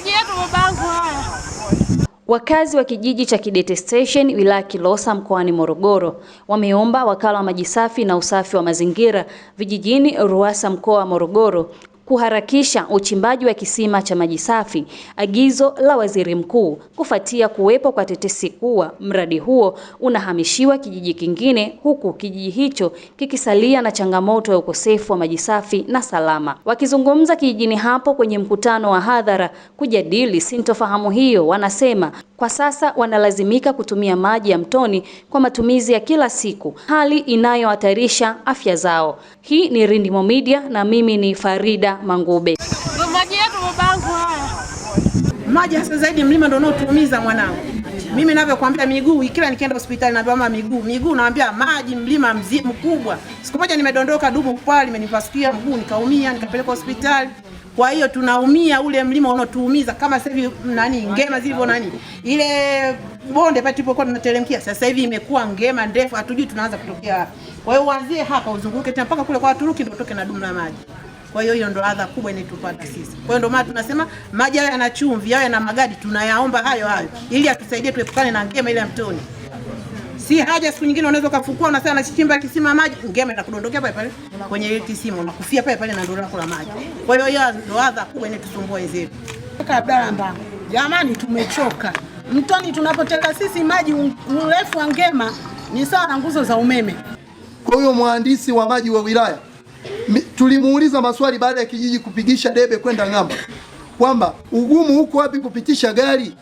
maji yetu babangu haya. Wakazi wa kijiji cha Kidete Station wilaya Kilosa mkoani Morogoro wameomba wakala wa maji safi na usafi wa mazingira vijijini RUWASA mkoa wa Morogoro kuharakisha uchimbaji wa kisima cha maji safi, agizo la waziri mkuu kufuatia kuwepo kwa tetesi kuwa mradi huo unahamishiwa kijiji kingine, huku kijiji hicho kikisalia na changamoto ya ukosefu wa maji safi na salama. Wakizungumza kijijini hapo kwenye mkutano wa hadhara kujadili sintofahamu hiyo, wanasema kwa sasa wanalazimika kutumia maji ya mtoni kwa matumizi ya kila siku, hali inayohatarisha afya zao. Hii ni Rindimo Media na mimi ni Farida Mangube. Maji yetu mabangu haya maji hasa zaidi mlima ndio unaotuumiza mwanangu. Mimi ninavyokuambia miguu, kila nikienda hospitali naambiwa mama, miguu miguu, naambia maji, mlima mzima mkubwa. Siku moja nimedondoka dubu kwa limenipasukia mguu, nikaumia, nikapelekwa hospitali. Kwa hiyo tunaumia ule mlima unaotuumiza kama sasa hivi nani ngema zilivyo nani ile bonde pale tulipokuwa tunateremkia, sasa hivi imekuwa ngema ndefu, hatujui tunaanza kutokea. Kwa hiyo uanzie hapa uzunguke tena mpaka kule kwa Waturuki ndio utoke na dumu la maji. Kwa hiyo hiyo ndo adha kubwa inatupata sisi. Kwa hiyo ndo maana tunasema maji hayo yana chumvi, hayo yana magadi, tunayaomba hayo hayo ili atusaidie tuepukane na ngema ile ya mtoni. Si haja siku nyingine unaweza kufukua unasema nachimba kisima maji, ngema inakudondokea pale pale kwenye ile kisima, na kufia pale pale na ndoo lako la maji. Kwa hiyo hiyo ndo adha kubwa inatusumbua wenzetu. Kabamba. Jamani tumechoka. Mtoni tunapoteka sisi maji, urefu wa ngema ni sawa na nguzo za umeme. Kwa hiyo mhandisi wa maji wa wilaya tulimuuliza maswali baada ya kijiji kupigisha debe kwenda ng'amba kwamba ugumu huko wapi kupitisha gari,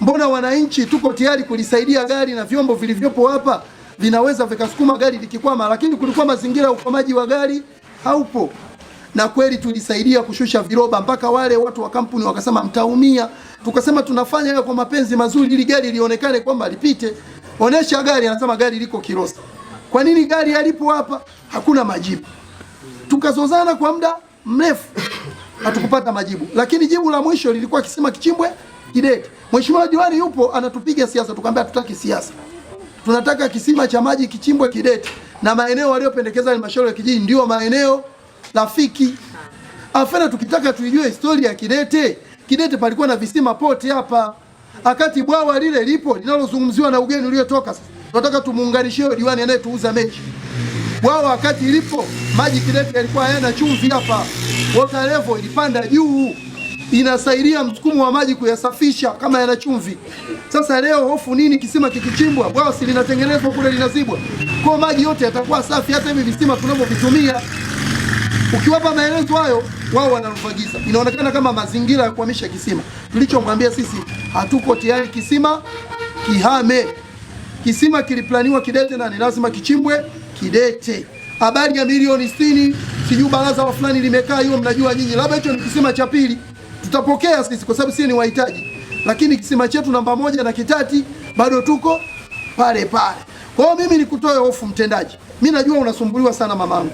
mbona wananchi tuko tayari kulisaidia gari na vyombo vilivyopo hapa vinaweza vikasukuma gari likikwama, lakini kulikuwa mazingira ya ukwamaji wa gari haupo. Na kweli tulisaidia kushusha viroba mpaka wale watu wa kampuni wakasema mtaumia. Tukasema tunafanya kwa mapenzi mazuri, ili gari lionekane kwamba lipite. Onesha gari, anasema gari liko Kilosa. Kwa nini gari halipo hapa? Hakuna majibu tukazozana kwa muda mrefu, hatukupata majibu, lakini jibu la mwisho lilikuwa kisima kichimbwe kidete. Mheshimiwa diwani yupo anatupiga siasa, tukamwambia hatutaki siasa, tunataka kisima cha maji kichimbwe kidete, na maeneo waliyopendekeza halmashauri ya kijiji ndio maeneo rafiki. Afena, tukitaka tuijue historia ya kidete, kidete palikuwa na visima poti hapa akati bwawa lile lipo linalozungumziwa na ugeni uliotoka sasa, tunataka tumuunganishie diwani anayetuuza mechi. Bwawa wakati ilipo maji kidete yalikuwa hayana chumvi hapa, water level ilipanda juu, inasaidia msukumo wa maji kuyasafisha kama yana chumvi. Sasa leo hofu nini? Kisima kikichimbwa, bwawa si linatengenezwa kule, linazibwa kwa maji yote yatakuwa safi, hata hivi visima tunavyovitumia Ukiwapa maelezo hayo wao wanarufagiza, inaonekana kama mazingira ya kuhamisha kisima. Tulichomwambia sisi hatuko tayari kisima kihame. Kisima kiliplaniwa kidete na ni lazima kichimbwe kidete, habari ya milioni sitini, sijui baraza wa fulani limekaa hiyo, mnajua nyinyi. Labda hicho ni kisima cha pili, tutapokea sisi kwa sababu sisi ni wahitaji, lakini kisima chetu namba moja na kitati bado tuko pale pale. Kwa hiyo mimi nikutoe hofu mtendaji, mimi najua unasumbuliwa sana mamangu,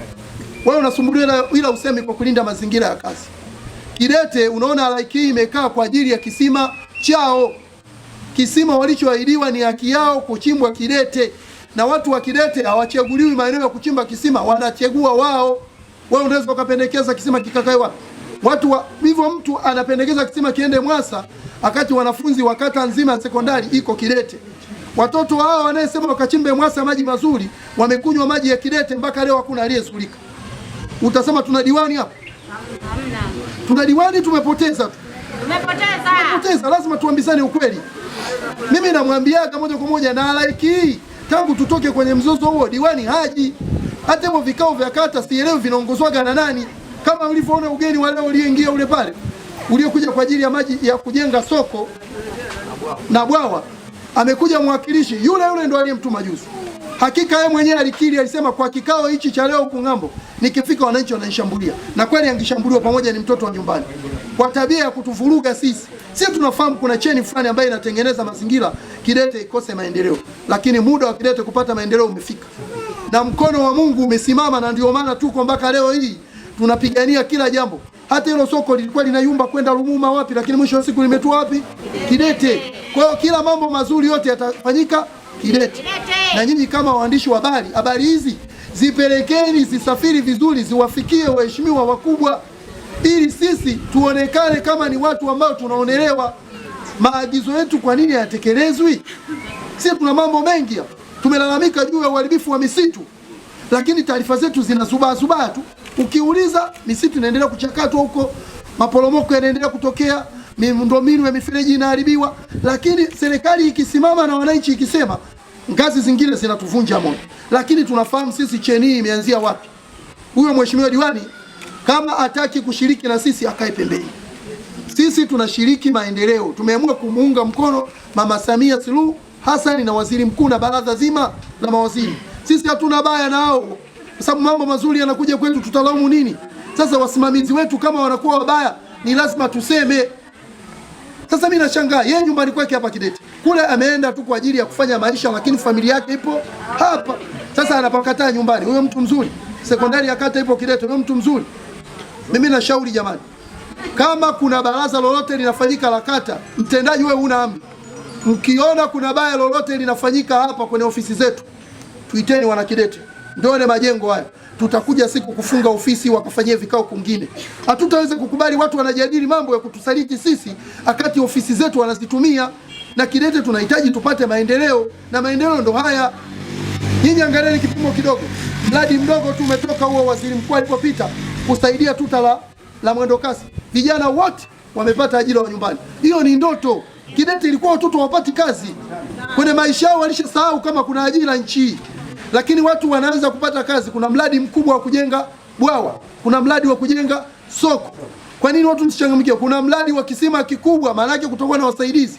wewe unasumbuliwa ila usemi kwa kulinda mazingira ya kazi. Kidete unaona halaiki hii imekaa kwa ajili ya kisima chao, kisima walichoahidiwa ni haki yao kuchimbwa Kidete na watu wa Kidete hawachaguliwi maeneo ya kuchimba kisima, wanachagua wao. Wewe unaweza ukapendekeza kisima kikakae wapi? Watu wa hivyo, mtu anapendekeza kisima kiende Mwasa, wakati wanafunzi wa kata nzima ya sekondari iko Kidete. Watoto hao wanayesema wakachimbe Mwasa maji mazuri, wamekunywa maji ya Kidete mpaka leo, hakuna aliyesulika. Utasema tuna diwani hapa? Hamna. Tuna diwani tumepoteza tu. Tumepoteza. Tumepoteza, lazima tuambizane ukweli. Mimi namwambiaga moja kwa moja na like hii tangu tutoke kwenye mzozo huo, diwani haji. Hata hivyo vikao vya kata sielewi vinaongozwaga na nani, kama ulivyoona ugeni wale ulioingia ule pale uliokuja kwa ajili ya maji ya kujenga soko na bwawa, amekuja mwakilishi yule yule ndo aliyemtuma juzi. Hakika yeye mwenyewe alikiri, alisema kwa kikao hichi cha leo huko ng'ambo, nikifika wananchi wananishambulia, na kweli angeshambuliwa pamoja, ni mtoto wa nyumbani, kwa tabia ya kutuvuruga sisi. Sisi tunafahamu kuna cheni fulani ambayo inatengeneza mazingira Kidete ikose maendeleo, lakini muda wa Kidete kupata maendeleo umefika na mkono wa Mungu umesimama, na ndio maana tuko mpaka leo hii tunapigania kila jambo. Hata hilo soko lilikuwa linayumba kwenda Lumuma wapi, lakini mwisho wa siku limetua wapi? Kidete. Kwa hiyo kila mambo mazuri yote yatafanyika ilete. Na nyinyi kama waandishi wa habari, habari hizi zipelekeni, zisafiri vizuri, ziwafikie waheshimiwa wakubwa, ili sisi tuonekane kama ni watu ambao tunaonelewa. Maagizo yetu kwa nini hayatekelezwi? Sisi tuna mambo mengi hapa, tumelalamika juu ya uharibifu wa misitu, lakini taarifa zetu zinasubaasubaa tu. Ukiuliza, misitu inaendelea kuchakatwa huko, maporomoko yanaendelea kutokea miundombinu ya mifereji inaharibiwa, lakini serikali ikisimama na wananchi ikisema, ngazi zingine zinatuvunja moyo. Lakini tunafahamu sisi cheni hii imeanzia wapi. Huyo mheshimiwa diwani kama ataki kushiriki na sisi akae pembeni. Sisi tunashiriki maendeleo, tumeamua kumuunga mkono Mama Samia Suluhu Hassan na waziri mkuu na baraza zima la mawaziri. Sisi hatuna baya nao, kwa sababu mambo mazuri yanakuja kwetu, tutalaumu nini? Sasa wasimamizi wetu kama wanakuwa wabaya, ni lazima tuseme. Sasa mimi nashangaa yeye nyumbani kwake hapa Kidete, kule ameenda tu kwa ajili ya kufanya maisha, lakini familia yake ipo hapa. Sasa anapakataa nyumbani. Huyo mtu mzuri, sekondari ya kata ipo Kidete, huyo mtu mzuri. Mimi nashauri jamani, kama kuna baraza lolote linafanyika la kata, mtendaji wewe una amri, mkiona kuna baya lolote linafanyika hapa kwenye ofisi zetu, tuiteni wana Kidete ndio yale majengo haya. Tutakuja siku kufunga ofisi wakafanyia vikao kungine. Hatutaweza kukubali watu wanajadili mambo ya kutusaliti sisi, akati ofisi zetu wanazitumia. Na Kidete tunahitaji tupate maendeleo, na maendeleo ndo haya. Nyinyi angalieni kipimo kidogo, mradi mdogo tu umetoka huo, waziri mkuu alipopita kusaidia tuta la, la mwendokasi, vijana wote wamepata ajira wa nyumbani. Hiyo ni ndoto. Kidete ilikuwa watoto wapati kazi kwenye maisha yao, walishasahau kama kuna ajira nchi lakini watu wanaanza kupata kazi. Kuna mradi mkubwa wa kujenga bwawa, kuna mradi wa kujenga soko. Kwa nini watu msichangamkie? Kuna mradi wa kisima kikubwa, maana yake kutakuwa na wasaidizi.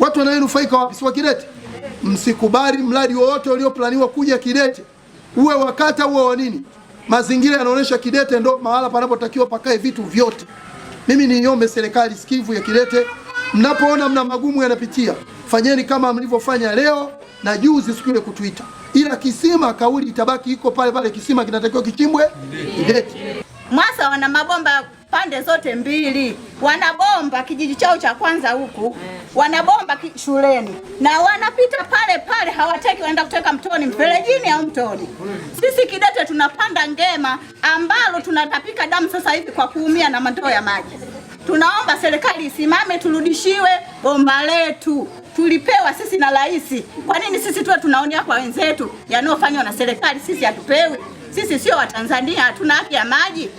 Watu wanayenufaika wapi? Si wa Kidete. Msikubali mradi wowote ulioplaniwa kuja Kidete, uwe wakata uwe wa nini. Mazingira yanaonyesha Kidete ndo mahala panapotakiwa pakae vitu vyote. Mimi niombe serikali sikivu ya Kidete Mnapoona mna magumu yanapitia, fanyeni kama mlivyofanya leo na juzi, siku ile kutuita. Ila kisima, kauli itabaki iko pale pale, kisima kinatakiwa kichimbwe Kideti. Mwasa wana mabomba pande zote mbili, wanabomba kijiji chao cha kwanza huku, wanabomba shuleni na wanapita pale pale, hawataki waenda kuteka mtoni, mferejini au mtoni. Sisi Kidete tunapanda ngema ambalo tunatapika damu sasa hivi kwa kuumia na mandoo ya maji. Tunaomba serikali isimame, turudishiwe bomba letu tulipewa sisi na rais. Kwa nini sisi tuwe tunaonea kwa wenzetu yanayofanywa na serikali? Sisi hatupewi, sisi sio Watanzania, hatuna haki ya maji.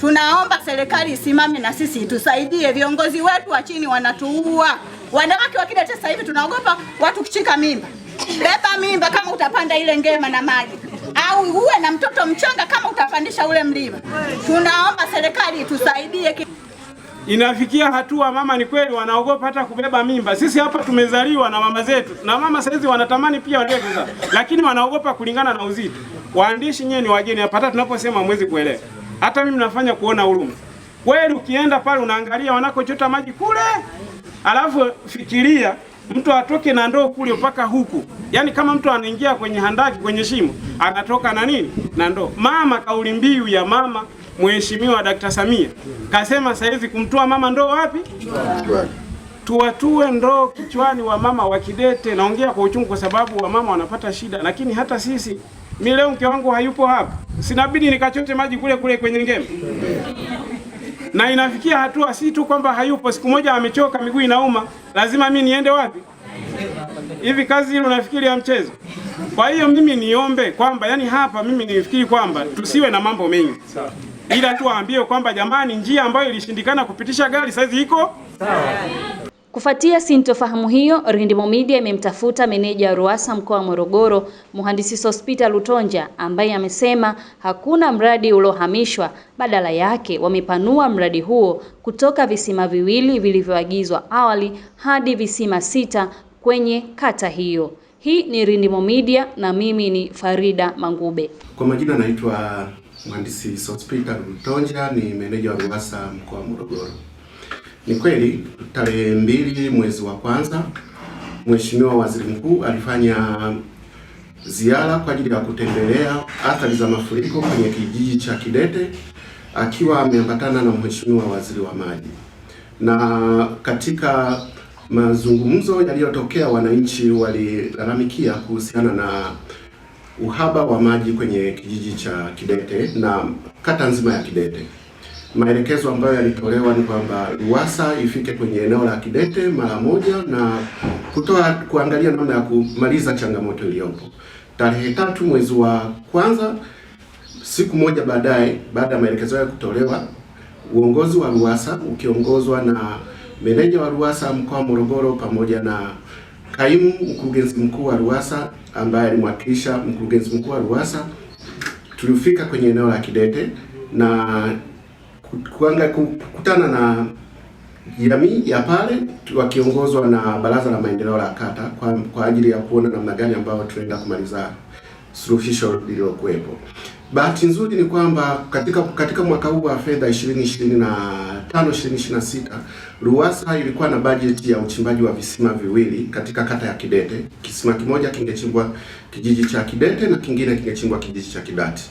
Tunaomba serikali isimame na sisi itusaidie. Viongozi wetu wa chini wanatuua wanawake wa Sasa hivi tunaogopa watu kuchika mimba. Beba mimba kama utapanda ile ngema na maji, au uwe na mtoto mchanga kama utapandisha ule mlima. Tunaomba serikali itusaidie. Inafikia hatua mama ni kweli wanaogopa hata kubeba mimba. Sisi hapa tumezaliwa na mama zetu, na mama saizi wanatamani pia wale kuzaa, lakini wanaogopa kulingana na uzito. Waandishi nyewe ni wageni hapa, hata tunaposema mwezi kuelewa. Hata mimi nafanya kuona huruma kweli. Ukienda pale unaangalia wanakochota maji kule, alafu fikiria mtu atoke na ndoo kule mpaka huku, yaani kama mtu anaingia kwenye handaki, kwenye shimo, anatoka na nini na ndoo. Mama, kauli mbiu ya mama Mheshimiwa Dakta Samia kasema sasa hivi kumtua mama ndoo wapi? Tuwatue ndoo kichwani wa mama wa kidete. Naongea kwa uchungu kwa sababu wa mama wanapata shida, lakini hata sisi mimi leo mke wangu hayupo hapa, sinabidi nikachote maji kule kule kwenye ngeme na inafikia hatua si tu kwamba hayupo, siku moja amechoka, miguu inauma, lazima mimi niende wapi? Hivi kazi hilo nafikiri ya mchezo. Kwa hiyo mimi niombe kwamba, yani hapa mimi nifikiri kwamba tusiwe na mambo mengi ila tu waambie kwamba jamani, njia ambayo ilishindikana kupitisha gari saizi iko sawa. Kufuatia sintofahamu hiyo, Rindimo Media imemtafuta meneja wa RUWASA mkoa wa Morogoro, Mhandisi Sospita Lutonja, ambaye amesema hakuna mradi uliohamishwa, badala yake wamepanua mradi huo kutoka visima viwili vilivyoagizwa awali hadi visima sita kwenye kata hiyo. Hii ni Rindimo Media na mimi ni Farida Mangube. Kwa majina naitwa Mhandisi Sospeter Rutonja ni meneja wa RUWASA mkoa wa Morogoro. Ni kweli tarehe mbili mwezi wa kwanza Mheshimiwa Waziri Mkuu alifanya ziara kwa ajili ya kutembelea athari za mafuriko kwenye kijiji cha Kidete akiwa ameambatana na Mheshimiwa Waziri wa Maji, na katika mazungumzo yaliyotokea wananchi walilalamikia kuhusiana na uhaba wa maji kwenye kijiji cha Kidete na kata nzima ya Kidete. Maelekezo ambayo yalitolewa ni kwamba RUWASA ifike kwenye eneo la Kidete mara moja na kutoa kuangalia namna ya kumaliza changamoto iliyopo. Tarehe tatu mwezi wa kwanza, siku moja baadaye, baada ya maelekezo hayo kutolewa, uongozi wa RUWASA ukiongozwa na meneja wa RUWASA mkoa wa Morogoro pamoja na Kaimu mkurugenzi mkuu wa RUWASA ambaye alimwakilisha mkurugenzi mkuu wa RUWASA, tulifika kwenye eneo la Kidete na kuanga kukutana na jamii ya pale wakiongozwa na baraza la maendeleo la kata kwa, kwa ajili ya kuona namna gani ambayo tunaenda kumaliza suluhisho lililokuwepo. Bahati nzuri ni kwamba katika katika mwaka huu wa fedha 2025 2026 RUWASA ilikuwa na bajeti ya uchimbaji wa visima viwili katika kata ya Kidete. Kisima kimoja kingechimbwa kijiji cha Kidete na kingine kingechimbwa kijiji cha Kidati.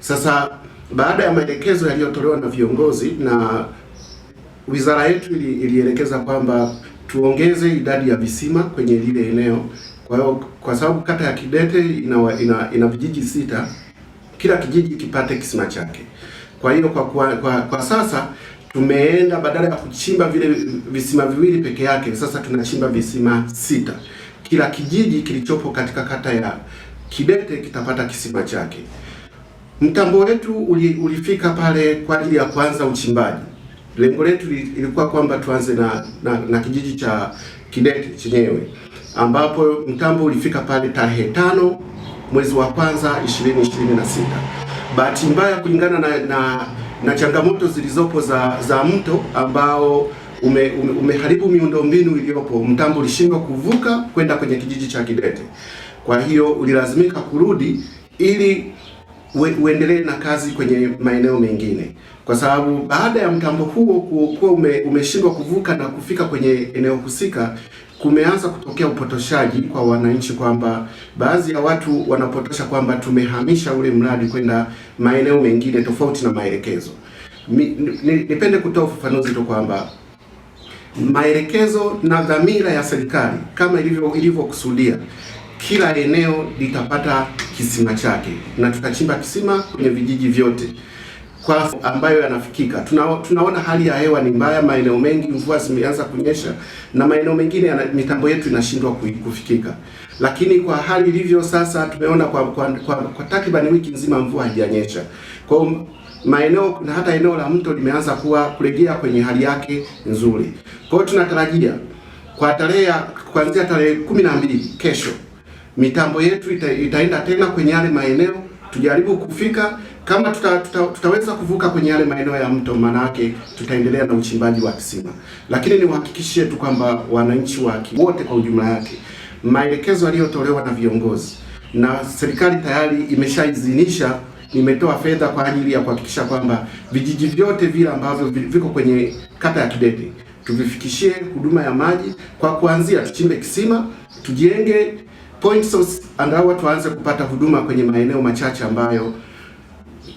Sasa baada ya maelekezo yaliyotolewa na viongozi na wizara yetu ili, ilielekeza kwamba tuongeze idadi ya visima kwenye lile eneo kwa hiyo kwa sababu kata ya Kidete ina, ina, ina vijiji sita, kila kijiji kipate kisima chake. Kwa hiyo kwa, kwa, kwa, kwa sasa tumeenda badala ya kuchimba vile visima viwili peke yake, sasa tunachimba visima sita. Kila kijiji kilichopo katika kata ya Kidete kitapata kisima chake. Mtambo wetu uli, ulifika pale kwa ajili ya kuanza uchimbaji. Lengo letu ilikuwa kwamba tuanze na, na, na kijiji cha Kidete chenyewe ambapo mtambo ulifika pale tarehe tano mwezi wa kwanza 2026. Bahati mbaya kulingana na, na, na changamoto zilizopo za, za mto ambao ume, ume, umeharibu miundombinu iliyopo, mtambo ulishindwa kuvuka kwenda kwenye kijiji cha Kidete. Kwa hiyo ulilazimika kurudi ili uendelee na kazi kwenye maeneo mengine, kwa sababu baada ya mtambo huo kuwa ume, umeshindwa kuvuka na kufika kwenye eneo husika, kumeanza kutokea upotoshaji kwa wananchi, kwamba baadhi ya watu wanapotosha kwamba tumehamisha ule mradi kwenda maeneo mengine tofauti na maelekezo. Nipende kutoa ufafanuzi tu kwamba maelekezo na dhamira ya serikali kama ilivyo ilivyokusudia, kila eneo litapata kisima chake na tutachimba kisima kwenye vijiji vyote kwa ambayo yanafikika. Tuna, tunaona hali ya hewa ni mbaya, maeneo mengi mvua zimeanza kunyesha na maeneo mengine yana, mitambo yetu inashindwa kufikika. Lakini kwa hali ilivyo sasa tumeona kwa, kwa, kwa, kwa takribani wiki nzima mvua haijanyesha. Kwa maeneo na hata eneo la mto limeanza kuwa kurejea kwenye hali yake nzuri. Kwa hiyo tunatarajia kwa tarehe ya kuanzia tarehe kumi na mbili kesho mitambo yetu ita, itaenda tena kwenye yale maeneo tujaribu kufika kama tuta, tuta, tutaweza kuvuka kwenye yale maeneo ya mto, maanake tutaendelea na uchimbaji wa kisima, lakini niwahakikishie tu kwamba wananchi wake wote kwa ujumla yake, maelekezo yaliyotolewa na viongozi na serikali tayari imeshaidhinisha nimetoa fedha kwa ajili ya kuhakikisha kwamba vijiji vyote vile ambavyo viko kwenye kata ya Kidete tuvifikishie huduma ya maji. Kwa kuanzia, tuchimbe kisima, tujenge point source, angalau waanze kupata huduma kwenye maeneo machache ambayo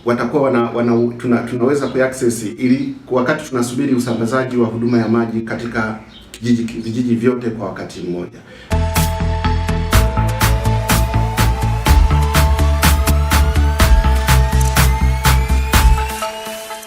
watakuwa wana, wana, tuna, tunaweza kuaccess ili wakati tunasubiri usambazaji wa huduma ya maji katika vijiji vyote kwa wakati mmoja.